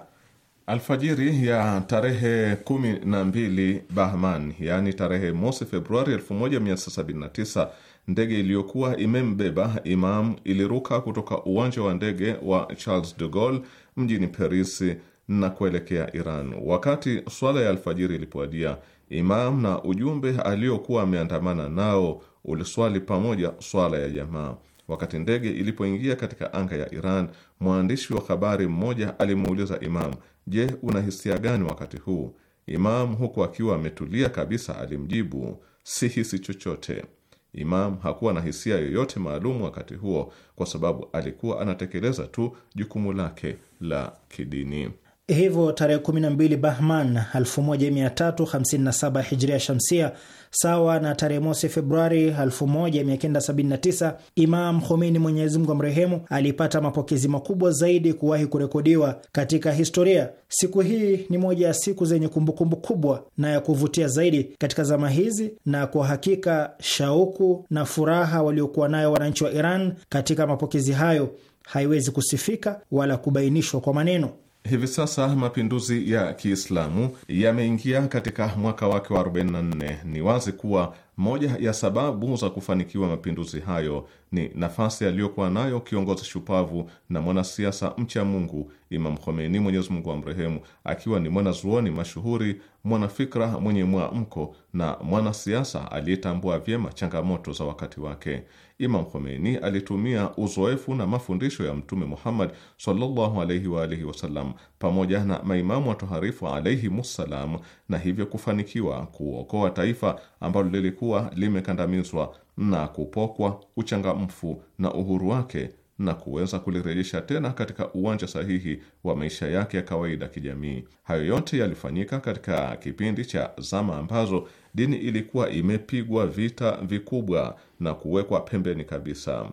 Alfajiri ya tarehe 12 Bahman, yaani tarehe mosi Februari 1979, ndege iliyokuwa imembeba Imam iliruka kutoka uwanja wa ndege wa Charles de Gaulle mjini Paris na kuelekea Iran. Wakati swala ya alfajiri ilipoadia, Imam na ujumbe aliyokuwa ameandamana nao uliswali pamoja swala ya jamaa. Wakati ndege ilipoingia katika anga ya Iran, mwandishi wa habari mmoja alimuuliza Imam, je, una hisia gani wakati huu? Imam huku akiwa ametulia kabisa alimjibu, si hisi chochote. Imam hakuwa na hisia yoyote maalum wakati huo, kwa sababu alikuwa anatekeleza tu jukumu lake la kidini hivyo tarehe 12 Bahman 1357 Hijria Shamsia, sawa na tarehe mosi Februari 1979, Imam Khomeini, Mwenyezi Mungu amrehemu, alipata mapokezi makubwa zaidi kuwahi kurekodiwa katika historia. Siku hii ni moja ya siku zenye kumbukumbu kubwa na ya kuvutia zaidi katika zama hizi, na kwa hakika shauku na furaha waliokuwa nayo wananchi wa Iran katika mapokezi hayo haiwezi kusifika wala kubainishwa kwa maneno. Hivi sasa mapinduzi ya Kiislamu yameingia katika mwaka wake wa 44. Ni wazi kuwa moja ya sababu za kufanikiwa mapinduzi hayo ni nafasi aliyokuwa nayo kiongozi shupavu na mwanasiasa mcha Mungu Imam Khomeini, Mwenyezi Mungu amrehemu, akiwa ni mwanazuoni mashuhuri, mwanafikra mwenye mwamko na mwanasiasa aliyetambua vyema changamoto za wakati wake. Imam Khomeini alitumia uzoefu na mafundisho ya Mtume Muhammad sallallahu wa alihi wasallam pamoja na maimamu watoharifu alaihimussalam, na hivyo kufanikiwa kuokoa taifa ambalo lilikuwa limekandamizwa na kupokwa uchangamfu na uhuru wake na kuweza kulirejesha tena katika uwanja sahihi wa maisha yake ya kawaida kijamii. Hayo yote yalifanyika katika kipindi cha zama ambazo dini ilikuwa imepigwa vita vikubwa na kuwekwa pembeni kabisa.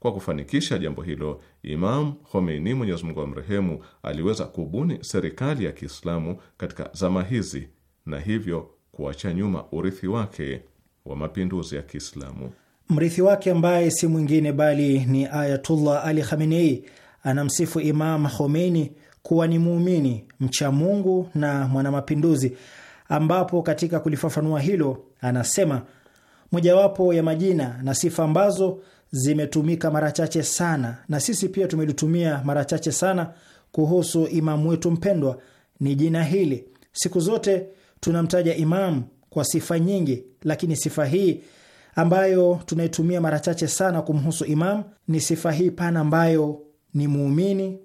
Kwa kufanikisha jambo hilo, Imam Khomeini, Mwenyezi Mungu amrehemu, aliweza kubuni serikali ya Kiislamu katika zama hizi na hivyo kuacha nyuma urithi wake wa mapinduzi ya Kiislamu. Mrithi wake ambaye si mwingine bali ni Ayatullah Ali Khamenei anamsifu Imam Khomeini kuwa ni muumini mcha Mungu na mwanamapinduzi ambapo katika kulifafanua hilo anasema mojawapo ya majina na sifa ambazo zimetumika mara chache sana na sisi pia tumelitumia mara chache sana kuhusu imamu wetu mpendwa ni jina hili. Siku zote tunamtaja imamu kwa sifa nyingi, lakini sifa hii ambayo tunaitumia mara chache sana kumhusu imamu ni sifa hii pana ambayo ni muumini,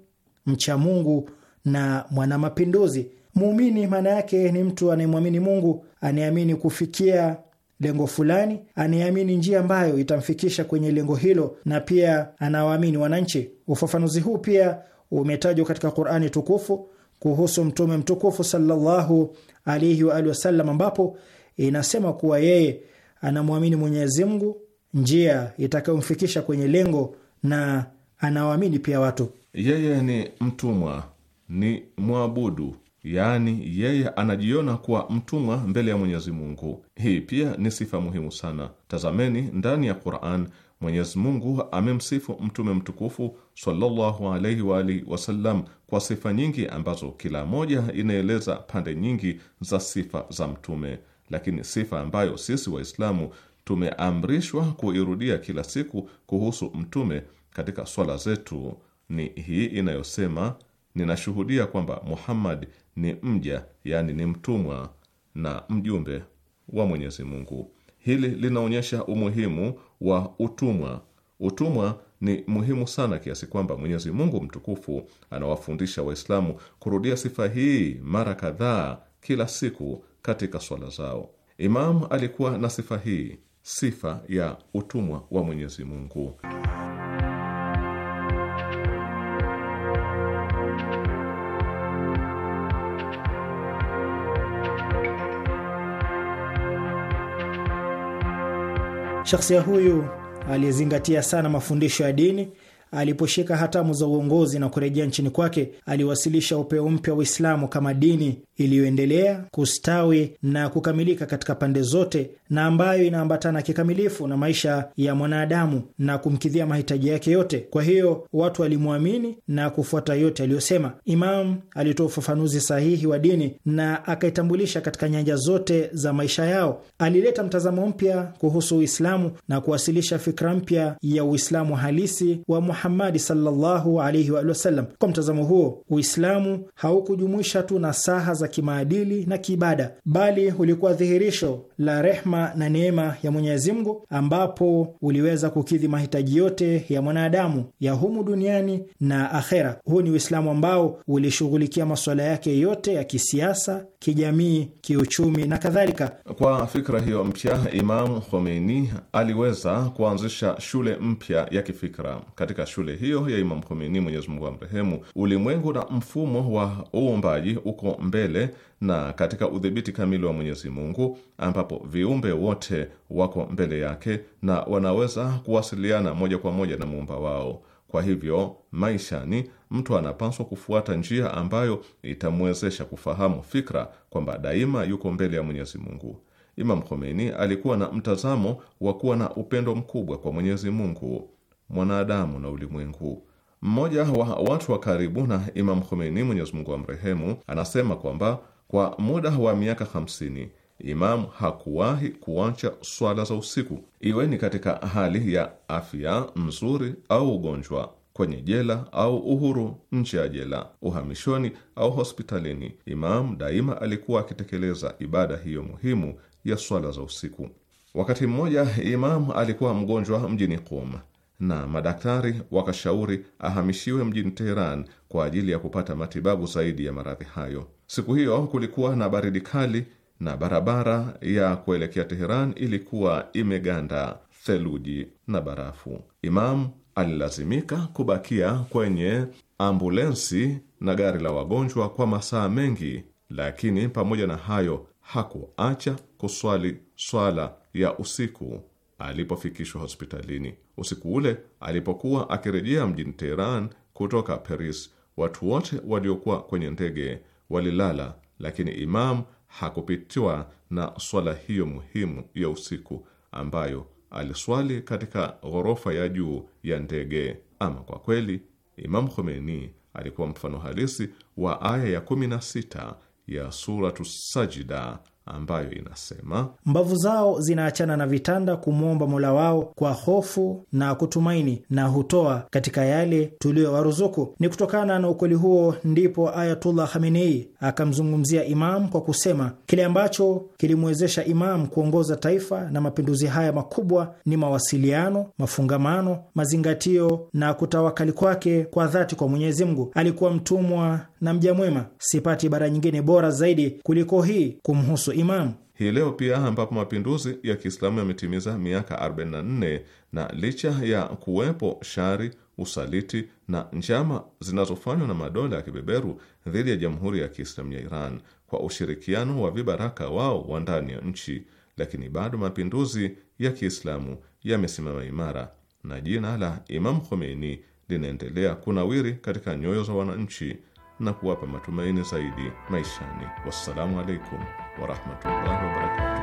mcha Mungu na mwanamapinduzi. Muumini maana yake ni mtu anayemwamini Mungu, anayeamini kufikia lengo fulani, anayeamini njia ambayo itamfikisha kwenye lengo hilo, na pia anawaamini wananchi. Ufafanuzi huu pia umetajwa katika Qur'ani tukufu kuhusu mtume mtukufu sallallahu alaihi wa alihi wasallam, ambapo inasema kuwa yeye anamwamini Mwenyezi Mungu, njia itakayomfikisha kwenye lengo, na anawaamini pia watu. Yeye ni mtumwa, ni mwabudu yaani yeye anajiona kuwa mtumwa mbele ya Mwenyezi Mungu. Hii pia ni sifa muhimu sana. Tazameni ndani ya Quran, Mwenyezi Mungu amemsifu mtume mtukufu sallallahu alaihi wa alihi wasallam kwa sifa nyingi ambazo kila moja inaeleza pande nyingi za sifa za mtume, lakini sifa ambayo sisi Waislamu tumeamrishwa kuirudia kila siku kuhusu mtume katika swala zetu ni hii inayosema, ninashuhudia kwamba Muhammad ni mja, yaani ni mtumwa na mjumbe wa Mwenyezi Mungu. Hili linaonyesha umuhimu wa utumwa. Utumwa ni muhimu sana kiasi kwamba Mwenyezi Mungu mtukufu anawafundisha Waislamu kurudia sifa hii mara kadhaa kila siku katika swala zao. Imam alikuwa na sifa hii, sifa ya utumwa wa Mwenyezi Mungu. Shakhsia huyu aliyezingatia sana mafundisho ya dini aliposhika hatamu za uongozi na kurejea nchini kwake, aliwasilisha upeo mpya wa Uislamu kama dini iliyoendelea kustawi na kukamilika katika pande zote na ambayo inaambatana kikamilifu na maisha ya mwanadamu na kumkidhia mahitaji yake yote. Kwa hiyo watu walimwamini na kufuata yote aliyosema. Imam alitoa ufafanuzi sahihi wa dini na akaitambulisha katika nyanja zote za maisha yao. Alileta mtazamo mpya kuhusu Uislamu na kuwasilisha fikra mpya ya Uislamu halisi wa Muhammad Muhammadi sallallahu alaihi wa sallam. Kwa mtazamo huo, Uislamu haukujumuisha tu nasaha za kimaadili na kiibada, bali ulikuwa dhihirisho la rehma na neema ya Mwenyezi Mungu, ambapo uliweza kukidhi mahitaji yote ya mwanadamu ya humu duniani na akhera. Huu ni Uislamu ambao ulishughulikia masuala yake yote ya kisiasa, kijamii, kiuchumi na kadhalika. Kwa fikra hiyo mpya, Imam Khomeini aliweza kuanzisha shule mpya ya kifikra katika shule hiyo ya Imam Khomeini, Mwenyezi Mungu amrehemu, ulimwengu na mfumo wa uumbaji uko mbele na katika udhibiti kamili wa Mwenyezi Mungu, ambapo viumbe wote wako mbele yake na wanaweza kuwasiliana moja kwa moja na muumba wao. Kwa hivyo maishani, mtu anapaswa kufuata njia ambayo itamwezesha kufahamu fikra kwamba daima yuko mbele ya Mwenyezi Mungu. Imam Khomeini alikuwa na mtazamo wa kuwa na upendo mkubwa kwa Mwenyezi Mungu mwanadamu na ulimwengu. Mmoja wa watu wa karibu na Imam Khomeini, Mwenyezi Mungu amrehemu, anasema kwamba kwa muda wa miaka hamsini Imam hakuwahi kuacha swala za usiku, iwe ni katika hali ya afya nzuri au ugonjwa, kwenye jela au uhuru nje ya jela, uhamishoni au hospitalini. Imam daima alikuwa akitekeleza ibada hiyo muhimu ya swala za usiku. Wakati mmoja Imam alikuwa mgonjwa mjini Qum na madaktari wakashauri ahamishiwe mjini Teheran kwa ajili ya kupata matibabu zaidi ya maradhi hayo. Siku hiyo kulikuwa na baridi kali na barabara ya kuelekea Teheran ilikuwa imeganda theluji na barafu. Imamu alilazimika kubakia kwenye ambulensi na gari la wagonjwa kwa masaa mengi, lakini pamoja na hayo hakuacha kuswali swala ya usiku alipofikishwa hospitalini. Usiku ule alipokuwa akirejea mjini Teheran kutoka Paris, watu wote waliokuwa kwenye ndege walilala, lakini Imam hakupitiwa na swala hiyo muhimu ya usiku ambayo aliswali katika ghorofa ya juu ya ndege. Ama kwa kweli Imam Khomeini alikuwa mfano halisi wa aya ya 16 ya Suratu Sajida ambayo inasema mbavu zao zinaachana na vitanda kumwomba Mola wao kwa hofu na kutumaini, na hutoa katika yale tuliyowaruzuku. Ni kutokana na ukweli huo ndipo Ayatullah Khamenei akamzungumzia Imam kwa kusema kile ambacho kilimwezesha Imam kuongoza taifa na mapinduzi haya makubwa ni mawasiliano, mafungamano, mazingatio na kutawakali kwake kwa dhati kwa Mwenyezi Mungu. Alikuwa mtumwa na mja mwema, sipati ibara nyingine bora zaidi kuliko hii kumhusu Imam hii leo pia ambapo mapinduzi ya Kiislamu yametimiza miaka 44 na licha ya kuwepo shari, usaliti na njama zinazofanywa na madola ya kibeberu dhidi ya Jamhuri ya Kiislamu ya Iran kwa ushirikiano wa vibaraka wao wa ndani ya nchi, lakini bado mapinduzi ya Kiislamu yamesimama imara na jina la Imam Khomeini linaendelea kunawiri katika nyoyo za wananchi na kuwapa matumaini zaidi maishani. Wassalamu alaikum warahmatullahi wabarakatu.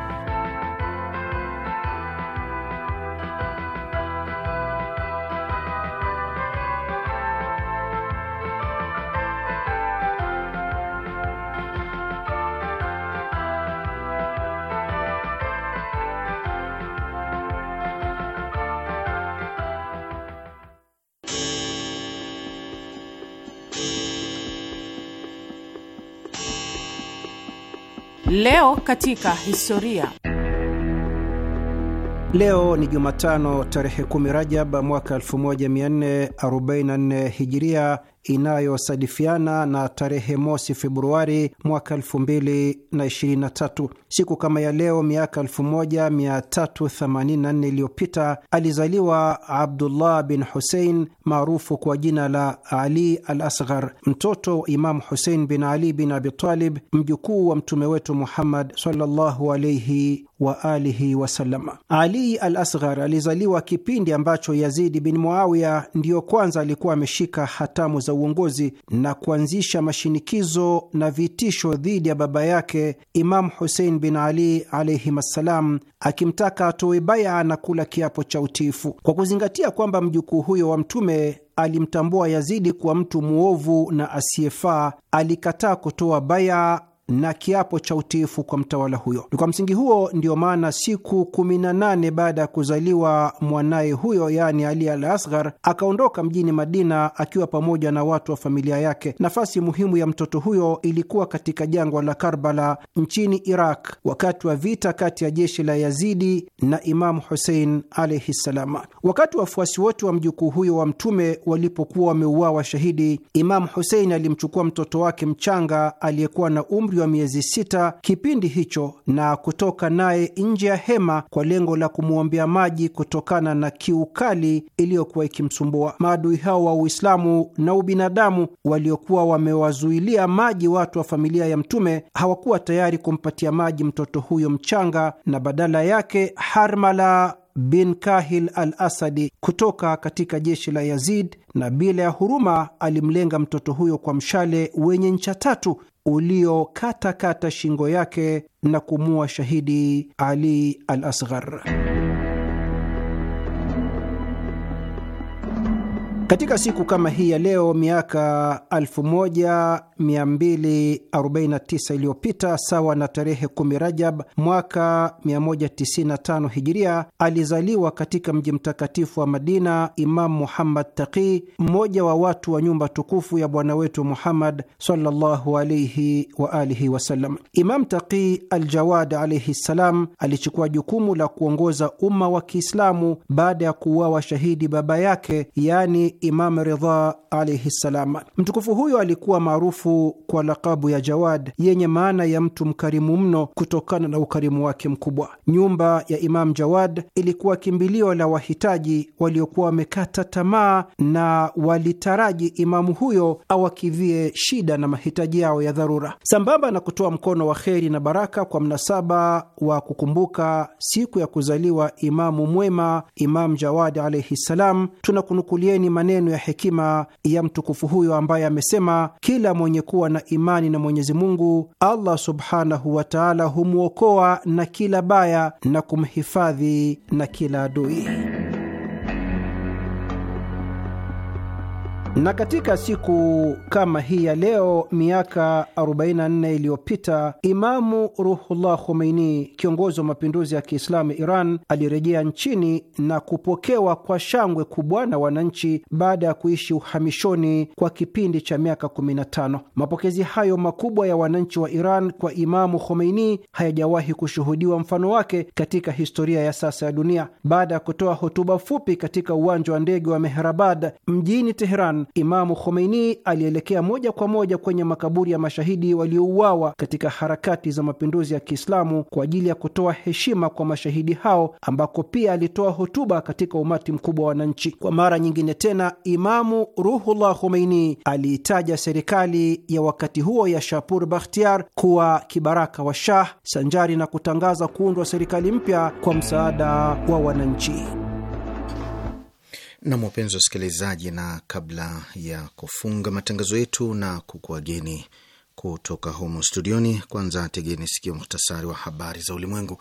Leo katika historia. Leo ni Jumatano tarehe 10 Rajab mwaka 1444 Hijiria, inayosadifiana na tarehe mosi Februari mwaka tatu. Siku kama ya leo miaka nne iliyopita alizaliwa Abdullah bin Husein maarufu kwa jina la Ali al Asghar, mtoto wa Imamu Husein bin Ali bin Abitalib, mjukuu wa mtume wetu Muhammad sallallahu alaihi wa alihi wasallam. Ali al Asghar alizaliwa kipindi ambacho Yazidi bin Muawiya ndiyo kwanza alikuwa ameshika hatamu za za uongozi na kuanzisha mashinikizo na vitisho dhidi ya baba yake Imamu Husein bin Ali alaihim assalam, akimtaka atoe baya na kula kiapo cha utiifu. Kwa kuzingatia kwamba mjukuu huyo wa Mtume alimtambua Yazidi kuwa mtu mwovu na asiyefaa, alikataa kutoa baya na kiapo cha utiifu kwa mtawala huyo. Ni kwa msingi huo ndiyo maana siku kumi na nane baada ya kuzaliwa mwanaye huyo, yaani Ali al Asghar, akaondoka mjini Madina akiwa pamoja na watu wa familia yake. Nafasi muhimu ya mtoto huyo ilikuwa katika jangwa la Karbala nchini Iraq, wakati wa vita kati ya jeshi la Yazidi na Imamu Husein alaihi ssalam. Wakati wafuasi wote wa mjukuu huyo wa Mtume walipokuwa wameuawa shahidi, Imamu Husein alimchukua mtoto wake mchanga aliyekuwa na umri wa miezi sita kipindi hicho na kutoka naye nje ya hema kwa lengo la kumwombea maji kutokana na kiu kali iliyokuwa ikimsumbua. Maadui hao wa Uislamu na ubinadamu waliokuwa wamewazuilia maji watu wa familia ya Mtume hawakuwa tayari kumpatia maji mtoto huyo mchanga, na badala yake Harmala bin Kahil al Asadi kutoka katika jeshi la Yazid na bila ya huruma alimlenga mtoto huyo kwa mshale wenye ncha tatu uliokatakata shingo yake na kumua shahidi Ali al Asghar. Katika siku kama hii ya leo miaka 1249 iliyopita sawa na tarehe 10 Rajab mwaka 195 Hijiria, alizaliwa katika mji mtakatifu wa Madina Imamu Muhammad Taqi, mmoja wa watu wa nyumba tukufu ya bwana wetu Muhammad sallallahu alaihi wa alihi wasallam. Imam Taqi Aljawad alaihi ssalam alichukua jukumu la kuongoza umma wa Kiislamu baada ya kuuawa shahidi baba yake, yani Imam Ridha alaihi ssalam. Mtukufu huyo alikuwa maarufu kwa lakabu ya Jawad yenye maana ya mtu mkarimu mno kutokana na ukarimu wake mkubwa. Nyumba ya Imam Jawad ilikuwa kimbilio la wahitaji waliokuwa wamekata tamaa na walitaraji imamu huyo awakidhie shida na mahitaji yao ya dharura, sambamba na kutoa mkono wa kheri na baraka kwa mnasaba wa kukumbuka siku ya kuzaliwa imamu mwema Imam Jawad alaihi ssalam. Tunakunukulieni maneno maneno ya hekima ya mtukufu huyo ambaye amesema, kila mwenye kuwa na imani na Mwenyezi Mungu Allah subhanahu wa taala humwokoa na kila baya na kumhifadhi na kila adui. Na katika siku kama hii ya leo miaka 44 iliyopita Imamu Ruhullah Khomeini, kiongozi wa mapinduzi ya Kiislamu Iran, alirejea nchini na kupokewa kwa shangwe kubwa na wananchi baada ya kuishi uhamishoni kwa kipindi cha miaka 15. Mapokezi hayo makubwa ya wananchi wa Iran kwa Imamu Khomeini hayajawahi kushuhudiwa mfano wake katika historia ya sasa ya dunia. Baada ya kutoa hotuba fupi katika uwanja wa ndege wa Mehrabad mjini Teheran, Imamu Khomeini alielekea moja kwa moja kwenye makaburi ya mashahidi waliouawa katika harakati za mapinduzi ya Kiislamu kwa ajili ya kutoa heshima kwa mashahidi hao, ambako pia alitoa hotuba katika umati mkubwa wa wananchi. Kwa mara nyingine tena, Imamu Ruhullah Khomeini aliitaja serikali ya wakati huo ya Shapur Bakhtiar kuwa kibaraka wa Shah, sanjari na kutangaza kuundwa serikali mpya kwa msaada wa wananchi na wapenzi wasikilizaji, na kabla ya kufunga matangazo yetu na kukuageni kutoka humo studioni, kwanza tegeni sikio muhtasari wa habari za ulimwengu.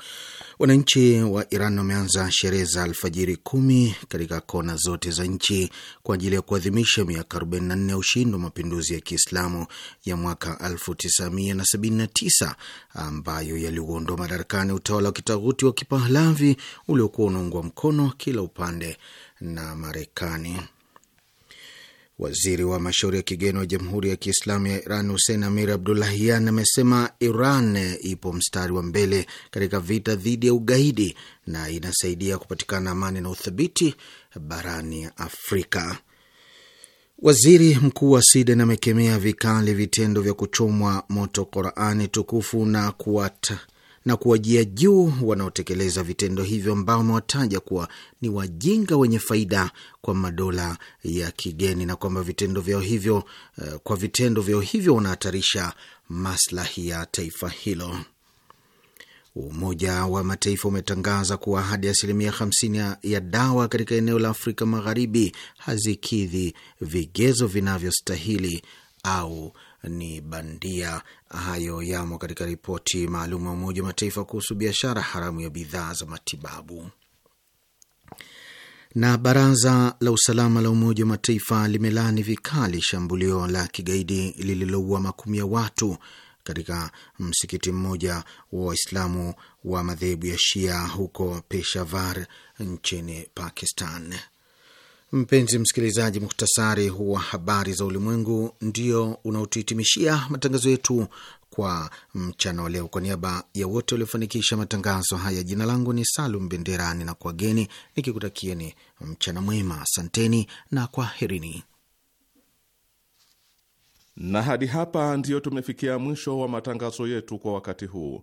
Wananchi wa Iran wameanza sherehe za alfajiri kumi katika kona zote za nchi kwa ajili ya kuadhimisha miaka 44 ya ushindi wa mapinduzi ya Kiislamu ya mwaka 1979 ambayo yaliuondoa madarakani utawala wa kitaguti wa Kipahlavi uliokuwa unaungwa mkono kila upande na Marekani. Waziri wa mashauri ya kigeni wa Jamhuri ya Kiislamu ya Iran Hussein Amir Abdullahian amesema Iran ipo mstari wa mbele katika vita dhidi ya ugaidi na inasaidia kupatikana amani na uthabiti barani Afrika. Waziri mkuu wa Sweden amekemea vikali vitendo vya kuchomwa moto Qurani tukufu na kuwata na kuwajia juu wanaotekeleza vitendo hivyo ambao amewataja kuwa ni wajinga wenye faida kwa madola ya kigeni na kwamba vitendo vyao hivyo, eh, kwa vitendo vyao hivyo wanahatarisha maslahi ya taifa hilo. Umoja wa Mataifa umetangaza kuwa hadi asilimia 50 ya dawa katika eneo la Afrika Magharibi hazikidhi vigezo vinavyostahili au ni bandia. Hayo yamo katika ripoti maalum ya Umoja wa Mataifa kuhusu biashara haramu ya bidhaa za matibabu. Na baraza la usalama la Umoja wa Mataifa limelaani vikali shambulio la kigaidi lililoua makumi ya watu katika msikiti mmoja wa Waislamu wa madhehebu ya Shia huko Peshawar nchini Pakistan. Mpenzi msikilizaji, muhtasari wa habari za ulimwengu ndio unaotuhitimishia matangazo yetu kwa mchana wa leo. Kwa niaba ya wote waliofanikisha matangazo haya, jina langu ni Salum Benderani na kwageni nikikutakieni mchana mwema. Asanteni na kwaherini. Na hadi hapa ndiyo tumefikia mwisho wa matangazo yetu kwa wakati huu.